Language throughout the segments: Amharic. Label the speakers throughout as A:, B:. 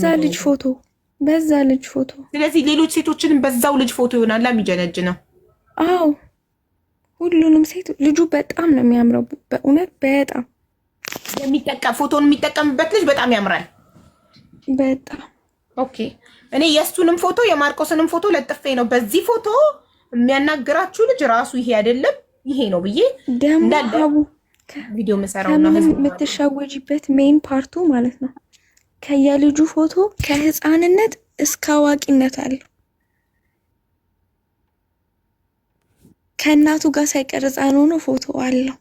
A: በዛ ልጅ ፎቶ በዛ ልጅ ፎቶ።
B: ስለዚህ ሌሎች ሴቶችንም በዛው ልጅ ፎቶ ይሆናል ለሚጀነጅ ነው።
A: አዎ ሁሉንም ሴት ልጁ በጣም ነው የሚያምረው። በእውነት በጣም
B: የሚጠቀም ፎቶን የሚጠቀምበት ልጅ በጣም ያምራል። በጣም ኦኬ። እኔ የእሱንም ፎቶ የማርቆስንም ፎቶ ለጥፌ ነው። በዚህ ፎቶ የሚያናግራችሁ ልጅ ራሱ ይሄ አይደለም ይሄ ነው ብዬ
A: ደግሞ
B: ቪዲዮ መሰራው
A: ነው የምትሻወጂበት ሜን ፓርቱ ማለት ነው። ከየልጁ ፎቶ ከህፃንነት እስከ አዋቂነት አለው። ከእናቱ ጋር ሳይቀር ህፃን ሆኖ ፎቶ አለው።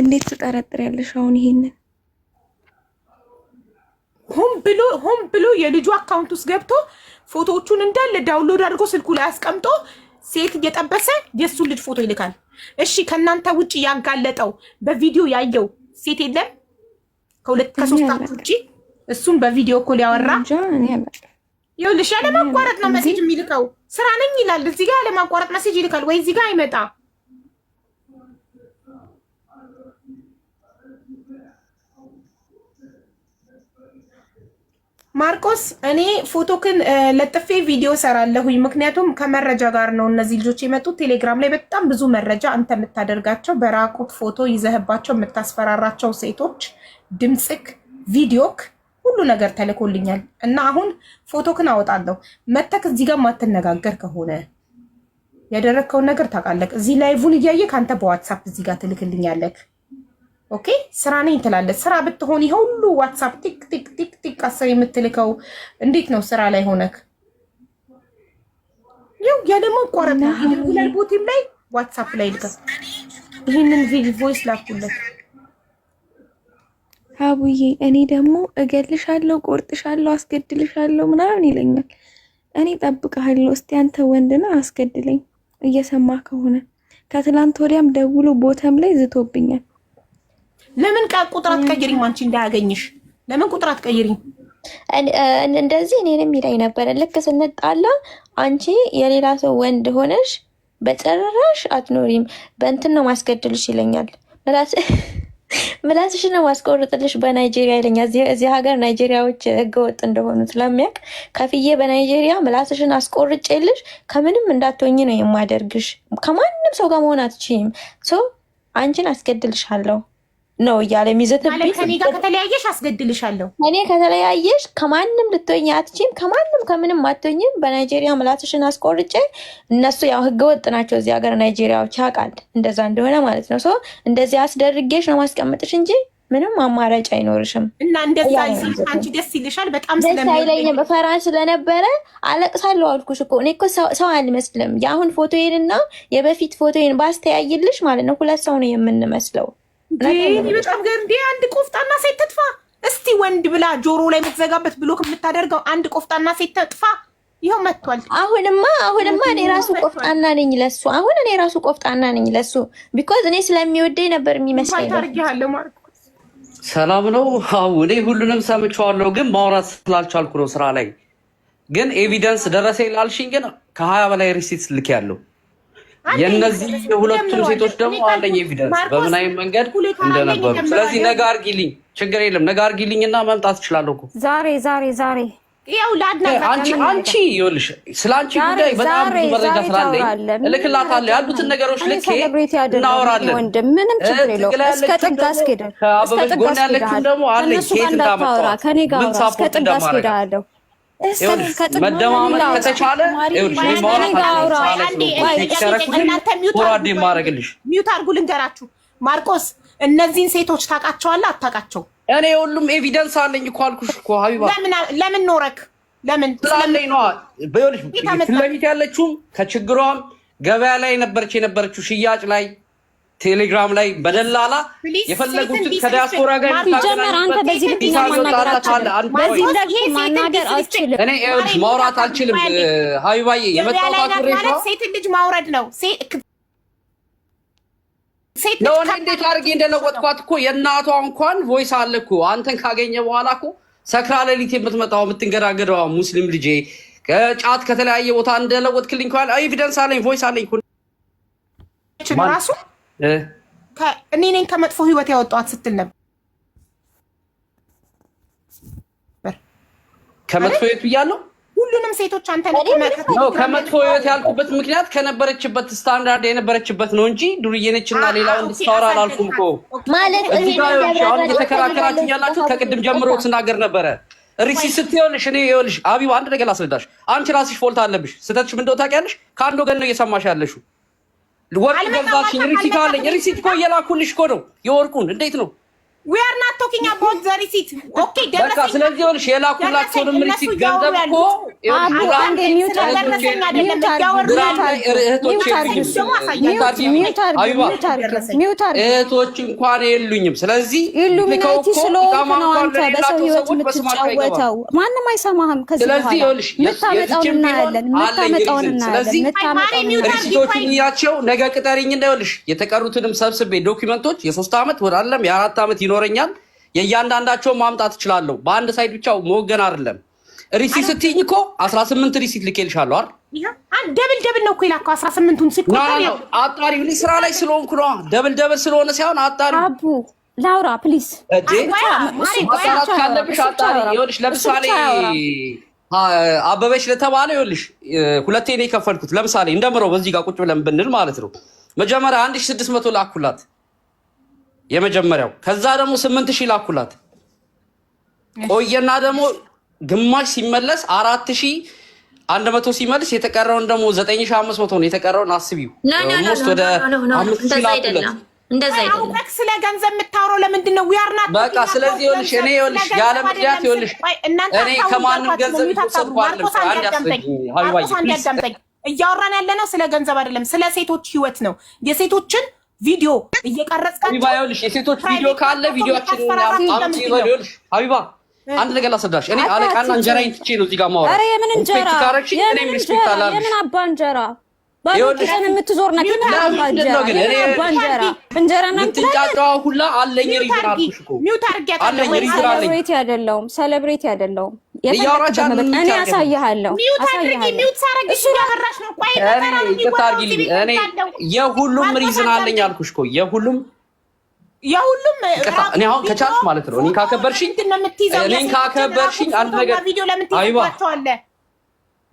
A: እንዴት ትጠረጥሪያለሽ? አሁን ይሄንን
B: ሆን ብሎ ሆን ብሎ የልጁ አካውንት ውስጥ ገብቶ ፎቶዎቹን እንዳለ ዳውንሎድ አድርጎ ስልኩ ላይ አስቀምጦ ሴት እየጠበሰ የእሱን ልጅ ፎቶ ይልካል። እሺ ከእናንተ ውጭ ያጋለጠው በቪዲዮ ያየው ሴት የለም? ከሁለት ከሶስት አመት ውጪ እሱም በቪዲዮ ኮል ያወራ ይኸውልሽ፣ ያለማቋረጥ ነው መሴጅ የሚልከው። ስራ ነኝ ይላል እዚህ ጋር ያለማቋረጥ መሴጅ ይልካል ወይ እዚህ ጋር አይመጣ ማርቆስ እኔ ፎቶክን ለጥፌ ቪዲዮ ሰራለሁኝ። ምክንያቱም ከመረጃ ጋር ነው እነዚህ ልጆች የመጡት። ቴሌግራም ላይ በጣም ብዙ መረጃ አንተ የምታደርጋቸው በራቁት ፎቶ ይዘህባቸው የምታስፈራራቸው ሴቶች ድምፅክ፣ ቪዲዮክ ሁሉ ነገር ተልኮልኛል እና አሁን ፎቶክን አወጣለሁ። መተክ እዚህ ጋር ማትነጋገር ከሆነ ያደረግከውን ነገር ታውቃለህ። እዚህ ላይቭን እያየ ከአንተ በዋትሳፕ እዚህ ጋር ትልክልኛለህ። ኦኬ ስራ ነኝ ትላለች። ስራ ብትሆን ይሄ ሁሉ ዋትሳፕ ቲክ ቲክ ቲክ ቲክ አስር የምትልከው እንዴት ነው? ስራ ላይ ሆነክ ያው ያ ደግሞ ቆረጠ ይደውላል። ቦቲም ላይ ዋትሳፕ ላይ ልከ ይህንን ቪዲዮ ቮይስ ላኩለት።
A: አቡዬ እኔ ደግሞ እገልሻለሁ፣ ቆርጥሻለሁ፣ አስገድልሻለሁ ምናምን ይለኛል። እኔ ጠብቀሃለሁ፣ እስቲ አንተ ወንድና አስገድለኝ። እየሰማ ከሆነ ከትላንት ወዲያም ደውሎ ቦተም ላይ ዝቶብኛል።
B: ለምን ቁጥር አትቀይሪም? አንቺ እንዳያገኝሽ ለምን ቁጥር አትቀይሪም?
A: እንደዚህ እኔንም ይለኝ ነበረ። ልክ ስንጣላ አንቺ የሌላ ሰው ወንድ ሆነሽ በጭራሽ አትኖሪም፣ በእንትን ነው ማስገድልሽ ይለኛል። ምላስሽ ነው ማስቆርጥልሽ በናይጄሪያ ይለኛል። እዚህ ሀገር ናይጄሪያዎች ህገወጥ እንደሆኑ ስለሚያውቅ ከፍዬ በናይጄሪያ ምላስሽን አስቆርጬልሽ ከምንም እንዳትሆኝ ነው የማደርግሽ። ከማንም ሰው ጋር መሆን አትችይም። ሰው አንቺን አስገድልሻለሁ ነው እያለ የሚዘትብኝ።
B: ከኔ ጋር ከተለያየሽ አስገድልሻለሁ።
A: እኔ ከተለያየሽ ከማንም ልትወኝ አትችም፣ ከማንም ከምንም አትወኝም። በናይጄሪያ ምላስሽን አስቆርጬ እነሱ ያው ህገ ወጥ ናቸው እዚህ ሀገር ናይጄሪያዎች፣ ያውቃል እንደዛ እንደሆነ ማለት ነው። ሰው እንደዚህ አስደርጌሽ ነው ማስቀምጥሽ እንጂ ምንም አማራጭ አይኖርሽም።
B: እና እንደዛ አንቺ ደስ ይልሻል። በጣም
A: ደስ አይለኝም። ፈራ ስለነበረ አለቅሳለሁ አልኩሽ እኮ። እኔ እኮ ሰው አልመስልም። የአሁን ፎቶዬንና የበፊት ፎቶዬን ባስተያይልሽ ማለት ነው ሁለት ሰው ነው የምንመስለው።
B: ግን በጣም ገር እንዴ አንድ ቆፍጣና ሴት ትጥፋ እስቲ ወንድ ብላ ጆሮ ላይ የምትዘጋበት ብሎክ የምታደርገው አንድ ቆፍጣና ሴት ትጥፋ። ይኸው መጥቷል።
A: አሁንማ አሁንማ እኔ ራሱ ቆፍጣና ነኝ ለሱ። አሁን እኔ ራሱ ቆፍጣና ነኝ ለሱ ቢኮዝ እኔ ስለሚወደኝ ነበር የሚመስለኝ።
B: ታርጊያለሁ ማለት
C: ሰላም ነው። አዎ እኔ ሁሉንም ሰምቼዋለሁ፣ ግን ማውራት ስላልቻልኩ ነው ስራ ላይ። ግን ኤቪደንስ ደረሰ ላልሽኝ ግን ከሀያ በላይ ሪሲት ልክ ያለው የነዚህ የሁለቱም ሴቶች ደግሞ አለኝ ኤቪደንስ በምን አይነት መንገድ እንደነበሩ። ስለዚህ ነገ አርጊልኝ፣ ችግር የለም ነገ አድርጊልኝ እና መምጣት እችላለሁ እኮ
A: ዛሬ ዛሬ ዛሬ
C: አንቺ አንቺ ይኸውልሽ፣ ስለ አንቺ
A: ጉዳይ በጣም ብዙ መረጃ ስላለኝ
C: እልክላታለሁ። ያሉትን ነገሮች ልኬ
A: እናወራለን። ምንም ችግር የለውም። እስከ ጥግ አስኬዳለሁ።
C: ከአበበች ጎን ያለችው ደግሞ አለኝ
A: ኬት እንዳመጣኋት ምን
C: ሳፖርት እንደማደርግ መደማመጥ ከተቻለ ራዴ
B: ማድረግልሽ ሚዩት አድርጉ። ልንገራችሁ ማርቆስ፣ እነዚህን ሴቶች ታውቃቸዋለህ አታውቃቸውም?
C: እኔ ሁሉም ኤቪደንስ አለኝ እኮ አልኩሽ እኮ ሀቢባ።
B: ለምን ኖረክ ለምን
C: ስላለኝ ነዋ። ፊት ለፊት ያለችውም ከችግሯም ገበያ ላይ ነበረች የነበረችው ሽያጭ ላይ ቴሌግራም ላይ በደላላ የፈለጉትን ከዲያስፖራ ጋር ማውራት አልችልም። ሀቢባዬ የመጣሁት ሬ
B: ሴት ልጅ ማውረድ ነው።
C: ለሆነ እንዴት አድርጌ እንደለወጥኳት እኮ የእናቷ እንኳን ቮይስ አለ እኮ አንተን ካገኘ በኋላ እኮ ሰክራ ሌሊት የምትመጣው የምትንገዳገደዋ ሙስሊም ልጄ ጫት ከተለያየ ቦታ እንደለወጥክልኝ ኤቪደንስ አለኝ ቮይስ አለኝ
B: ራሱ እኔ ነኝ ከመጥፎ ህይወት ያወጣዋት ስትል ነበር።
C: ከመጥፎ ህይወት ብያለሁ።
B: ሁሉንም ሴቶች አንተ
C: ከመጥፎ ህይወት ያልኩበት ምክንያት ከነበረችበት ስታንዳርድ የነበረችበት ነው እንጂ ዱርዬ ሌላ ሌላው እንድታወራ አላልኩም እኮ። አሁን እየተከራከራችሁ ያላችሁ ከቅድም ጀምሮ ስናገር ነበረ። ሪሲ ስትሆንሽ እኔ ይኸውልሽ፣ አቢባ አንድ ነገር ላስረዳሽ። አንቺ ራስሽ ፎልት አለብሽ። ስህተትሽ ምን እንደሆነ ታውቂያለሽ። ከአንድ ወገን ነው እየሰማሽ ያለሽው ወርቅ ገዛሽ? ሪሲት አለኝ። ሪሲት እኮ እየላኩልሽ እኮ ነው የወርቁን። እንዴት ነው
B: ዊር ናት ቶኪንግ አባውት ዘ ሪሲት ኦኬ።
C: ደረሰኝ ስለዚህ ይኸውልሽ የላኩላቸውንም ሪሲት ገንዘብ እኮ እህቶች እንኳን የሉኝም። ስለዚህ
A: ኢሉሚናቲ ስለሆንክ ነው አንተ በሰው ህይወት የምትጫወተው። ማንም አይሰማህም። ከዚህ የምታመጣውን እናያለን፣ የምታመጣውን እናያለን።
C: የምታመጣውን እያቸው ነገ ቅጠሪኝ እና የተቀሩትንም ሰብስቤ ዶኪመንቶች የሶስት ዓመት ወደ አለም የአራት ዓመት ይኖረኛል። የእያንዳንዳቸው ማምጣት እችላለሁ። በአንድ ሳይድ ብቻ መወገን አይደለም። ሪሲት ስትይኝ እኮ ስምንት ሪሲት ልኬልሻለሁ አይደል?
B: ደብል ደብል ነው እኮ የላከው 18ቱን ስት
C: አጣሪ ስራ ላይ ስለሆንኩ ነው። ደብል ደብል ስለሆነ ሳይሆን አጣሪ
A: ላውራ ፕሊዝ
C: ማሰራት ካለብሽ አጣሪ። ይኸውልሽ ለምሳሌ አበበች ለተባለ ይኸውልሽ ሁለቴ ነው የከፈልኩት። ለምሳሌ እንደምረው በዚህ ጋር ቁጭ ብለን ብንል ማለት ነው መጀመሪያ አንድ ሺ ስድስት መቶ ላኩላት የመጀመሪያው። ከዛ ደግሞ ስምንት ሺህ ላኩላት። ቆየና ደግሞ ግማሽ ሲመለስ አራት ሺህ አንድ መቶ ሲመልስ የተቀረውን ደግሞ ዘጠኝ ሺህ አምስት መቶ ነው። የተቀረውን አስቢው
A: ወደ አምስት ሺህ
B: ስለ ገንዘብ የምታወራው ለምንድን ነው? ያርና
C: በቃ ስለዚህ ይኸውልሽ፣ እኔ ይኸውልሽ ያለ ምክንያት ይኸውልሽ፣ እኔ ከማንም ገንዘብ
A: ሰብኳለሁ። እያወራን ያለ ነው ስለ ገንዘብ አይደለም፣ ስለ ሴቶች ህይወት ነው የሴቶችን ቪዲዮ እየቀረጽካቸው
C: የሴቶች ቪዲዮ ካለ ቪዲዮችን ሀቢባ አንድ ነገር ላስረዳሽ። እኔ አለቃና እንጀራዬን ትቼ ነው እዚህ ጋር የማወራው።
A: ኧረ የምን እንጀራ የምን አባ እንጀራ ባሎችን የምትዞር ነገር
C: ሁላ አለኝ። ሪዝን አልኩሽ እኮ አለኝ። ሪዝን
A: አለኝ። ሴሌብሬቲ አይደለሁም ሴሌብሬቲ አይደለሁም
C: እኔ
A: አሳይሃለሁ።
C: የሁሉም ሪዝን አለኝ አልኩሽ እኮ የሁሉም የሁሉም እኔ አሁን ከቻልሽ ማለት ነው። እኔ ካከበርሽኝ እኔን ካከበርሽኝ አንድ ነገር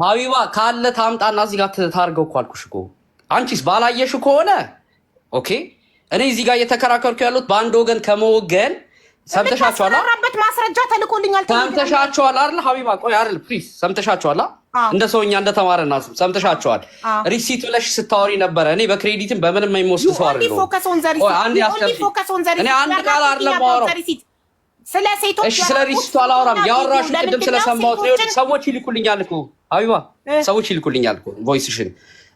C: ሀቢባ ካለ ታምጣና እዚህ ጋር ታርገው እኮ አልኩሽ እኮ። አንቺስ ባላየሽ ከሆነ ኦኬ። እኔ እዚህ ጋር እየተከራከርኩ ያሉት በአንድ ወገን ከመወገን ሰምተሻቸዋል?
B: አራበት ማስረጃ ተልኮልኛል።
C: ሰምተሻቸዋል አይደል? ሀቢባ ቆይ አይደል? ፕሊዝ ሰምተሻቸዋል? እንደ ሰውኛ እንደ ተማረ እና ሰምተሻቸዋል? ሪሲት ብለሽ ስታወሪ ነበረ። እኔ በክሬዲትም በምንም የምወስድ
B: ሰው አይደል። እኔ
C: አንድ ቃል አይደለም ማወራው ስለ ሴቶች እሺ፣ ስለ ሪሲቱ አላወራም። ያወራሽው ቅድም ስለሰማሁት ነው። ሰዎች ይልኩልኛል እኮ ሀቢባ፣ ሰዎች ይልኩልኛል እኮ ቮይስሽን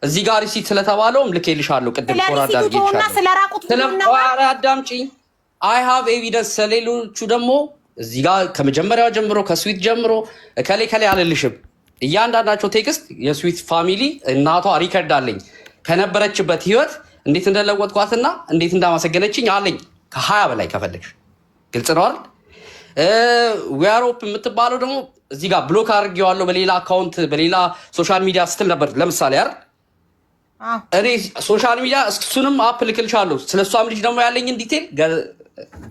C: እዚህ ጋር ሪሲት ስለተባለውም ልኬልሻለሁ። ቅድም ቆራዳ አድርጌልሻለሁ። ስለ ራቁት ነው እና አይ ሃቭ ኤቪደንስ። ስለሌሎቹ ደግሞ እዚህ ጋር ከመጀመሪያው ጀምሮ ከስዊት ጀምሮ እከሌ ከሌ አልልሽም። እያንዳንዳቸው ቴክስት የስዊት ፋሚሊ እናቷ ሪከርድ አለኝ ከነበረችበት ህይወት እንዴት እንደለወጥኳትና እንዴት እንዳመሰገነችኝ አለኝ። ከሀያ በላይ ከፈለግሽ ግልጽ ነው አይደል? ዊያሮፕ የምትባለው ደግሞ እዚህ ጋር ብሎክ አድርጌዋለሁ በሌላ አካውንት በሌላ ሶሻል ሚዲያ ስትል ነበር። ለምሳሌ አይደል እኔ ሶሻል ሚዲያ እሱንም አፕ ልክልሻለሁ። ስለሷም ልጅ ደግሞ ያለኝን ዲቴል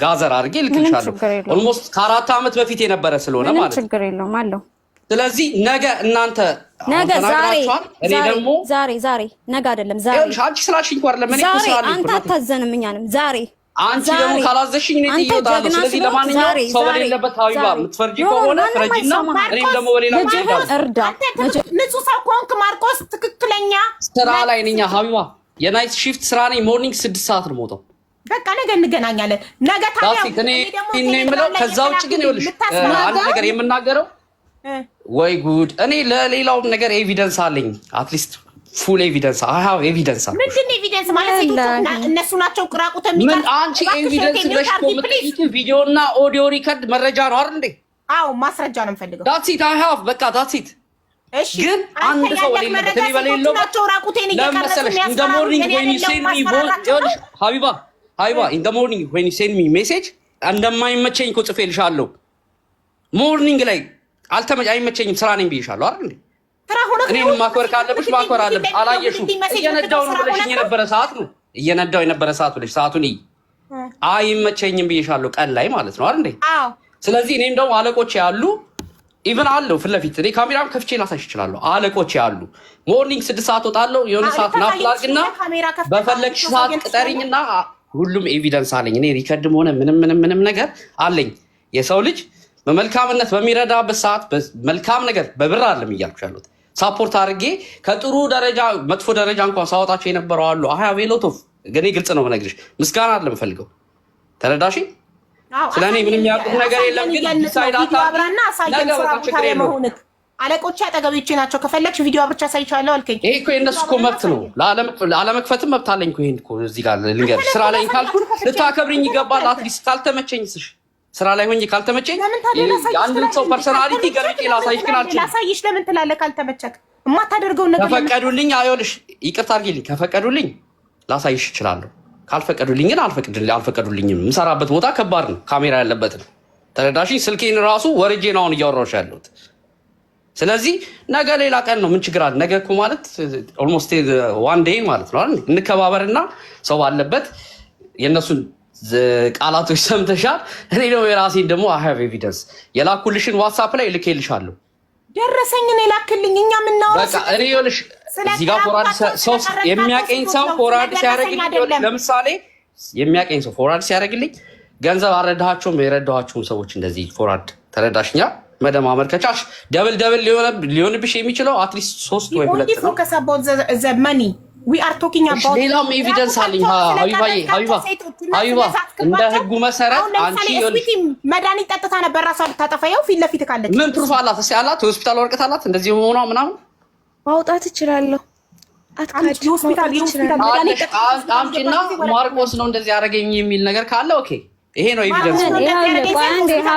C: ጋዘር አድርጌ ልክልሻለሁ። ኦልሞስት ከአራት ዓመት በፊት የነበረ ስለሆነ
A: ማለት ነው። ችግር የለውም አለው።
C: ስለዚህ ነገ እናንተ
A: ነገ ዛሬ እኔ ደግሞ ዛሬ ዛሬ ነገ አይደለም ዛሬ
C: አንቺ ስላልሽኝ እኮ
A: ለምን እኔ እኮ ስላልኩ አንተ አታዘንም እኛንም ዛሬ
C: አንቺ ደግሞ ካላዘሽኝ እኔ ጥዬ ስለዚህ ለማንኛውም ሰው በሌለበት ሀቢባ የምትፈርጂ ከሆነ ፍረጂና እኔም ደግሞ በሌላ
A: እርዳ።
B: ንጹህ ሰው ከሆንክ ማርቆስ ትክክለኛ
C: ስራ ላይ ነኝ ሀቢባ፣ የናይት ሺፍት ስራ ነኝ። ሞርኒንግ ስድስት ሰዓት ነው የምወጣው
B: በቃ ነገ እንገናኛለን። ነገ ታዲያ
C: ከዛ ውጭ ግን ይኸውልሽ አንድ ነገር የምናገረው ወይ ጉድ! እኔ ለሌላውም ነገር ኤቪደንስ አለኝ። አትሊስት ፉል ኤቪደንስ አይ ሃቭ ኤቪደንስ
B: አለ። ምንድን ኤቪደንስ ማለት? እነሱ ናቸው ቅራቁት
C: የሚባል አንቺ ኤቪደንስ ብለሽ ኮምፕሊት ቪዲዮና ኦዲዮ ሪከርድ መረጃ ነው አይደል እንዴ?
B: አዎ ማስረጃ ነው የምፈልገው።
C: ዳትስ ኢት አይ ሃቭ በቃ ዳትስ ኢት ግን አንድ ሰው ሌለ በሌለው ለመሰለሽ እንደ ሞርኒንግ ወይኒ ሴኒ ቦ ሀቢባ አይዋ ኢን ሞርኒንግ ዌን ዩ ሴንድ ሚ ሜሴጅ እንደማይመቸኝ እኮ ጽፌልሻለሁ። ሞርኒንግ ላይ አልተመ አይመቸኝም ስራ ነኝ ብዬሻለሁ አይደል እንዴ? እኔን ማክበር ካለብሽ ማክበር አለብሽ። አላየሹ እየነዳው ነው ብለሽኝ የነበረ ሰዓት ነው እየነዳው የነበረ ሰዓት ብለሽ ሰዓቱን እይ። አይመቸኝም ብዬሻለሁ፣ ቀን ላይ ማለት ነው አይደል እንዴ? ስለዚህ እኔም ደግሞ አለቆች ያሉ ኢቨን አለው ፊት ለፊት እኔ ካሜራም ከፍቼ ላሳሽ እችላለሁ። አለቆች ያሉ ሞርኒንግ ስድስት ሰዓት ወጣለሁ የሆነ ሰዓት ናፕላርግና በፈለግሽ ሰዓት ቅጠሪኝና ሁሉም ኤቪደንስ አለኝ። እኔ ሪከርድም ሆነ ምንም ምንም ምንም ነገር አለኝ። የሰው ልጅ በመልካምነት በሚረዳበት ሰዓት መልካም ነገር በብር አለም እያልኩ ያሉት ሳፖርት አድርጌ ከጥሩ ደረጃ መጥፎ ደረጃ እንኳን ሳወጣቸው የነበረው አሉ ሀያ ቬሎቶፍ እኔ ግልጽ ነው ብነግርሽ፣ ምስጋና አለ ምፈልገው ተረዳሽ። ስለእኔ ምንም ያውቁት ነገር የለም ግን ሳይዳታ
B: ነገ በቃ ችግር የለውም አለቆቼ አጠገቤቼ ናቸው። ከፈለግሽ ቪዲዮ ብቻ ሳይቻለሁ አልከኝ።
C: ይሄ እኮ የእነሱ እኮ መብት ነው። ላለመክፈትም መብት አለኝ እኮ። ይሄን እኮ እዚህ ጋር ልንገር፣ ስራ ላይ ካልኩን ልታከብርኝ ይገባል። አትሊስት ካልተመቸኝ ስሽ ስራ ላይ ሆኜ ካልተመቸኝ አንድን ሰው ፐርሰናሊቲ ገልጬ ላሳይሽ ግን አልችልም።
B: ላሳይሽ ለምን ትላለህ? ካልተመቸክ የማታደርገውን
C: ነገር ከፈቀዱልኝ፣ አይሆንሽ ይቅርታ አድርጊልኝ። ከፈቀዱልኝ ላሳይሽ እችላለሁ። ካልፈቀዱልኝ ግን አልፈቀዱልኝም። የምሰራበት ቦታ ከባድ ነው፣ ካሜራ ያለበትን ተረዳሽኝ? ስልኬን ራሱ ወርጄ ነው አሁን እያወራሁሽ ያለሁት ስለዚህ ነገ ሌላ ቀን ነው። ምን ችግር አለ? ነገ እኮ ማለት ኦልሞስት ዋን ዴይ ማለት ነው። እንከባበርና ሰው ባለበት የእነሱን ቃላቶች ሰምተሻል። እኔ ደግሞ የራሴን ደግሞ አሃቭ ኤቪደንስ የላኩልሽን ዋትሳፕ ላይ ልኬልሻለሁ።
B: ደረሰኝን የላክልኝ እኛ ምናወራሽ
C: እዚህ ጋር ፎራድ ሰው የሚያቀኝ ሰው ፎራድ ሲያደርግልኝ፣ ለምሳሌ የሚያቀኝ ሰው ፎራድ ሲያደርግልኝ ገንዘብ አልረዳኋቸውም የረዳኋቸውም ሰዎች እንደዚህ ፎራድ ተረዳሽኛል። መደም አመልከቻሽ ደብል ደብል ሊሆንብሽ የሚችለው አትሊስት ሶስት
B: ወይ ሁለት ነው።
C: ሌላም ኤቪደንስ አለኝ። ሀቢባ እንደ ህጉ መሰረት አንቺ
B: መድኃኒት ጠጥታ ነበር ራሷ ልታጠፋ ይኸው ፊት ለፊት
C: ካለች ምን ፕሩፍ አላት? እስኪ አላት የሆስፒታል ወረቀት አላት እንደዚህ መሆኗ ምናምን
A: ማውጣት እችላለሁ።
C: አምጪና ማርቆስ ነው እንደዚህ አደረገኝ የሚል ነገር ካለ ኦኬ፣ ይሄ ነው ኤቪደንስ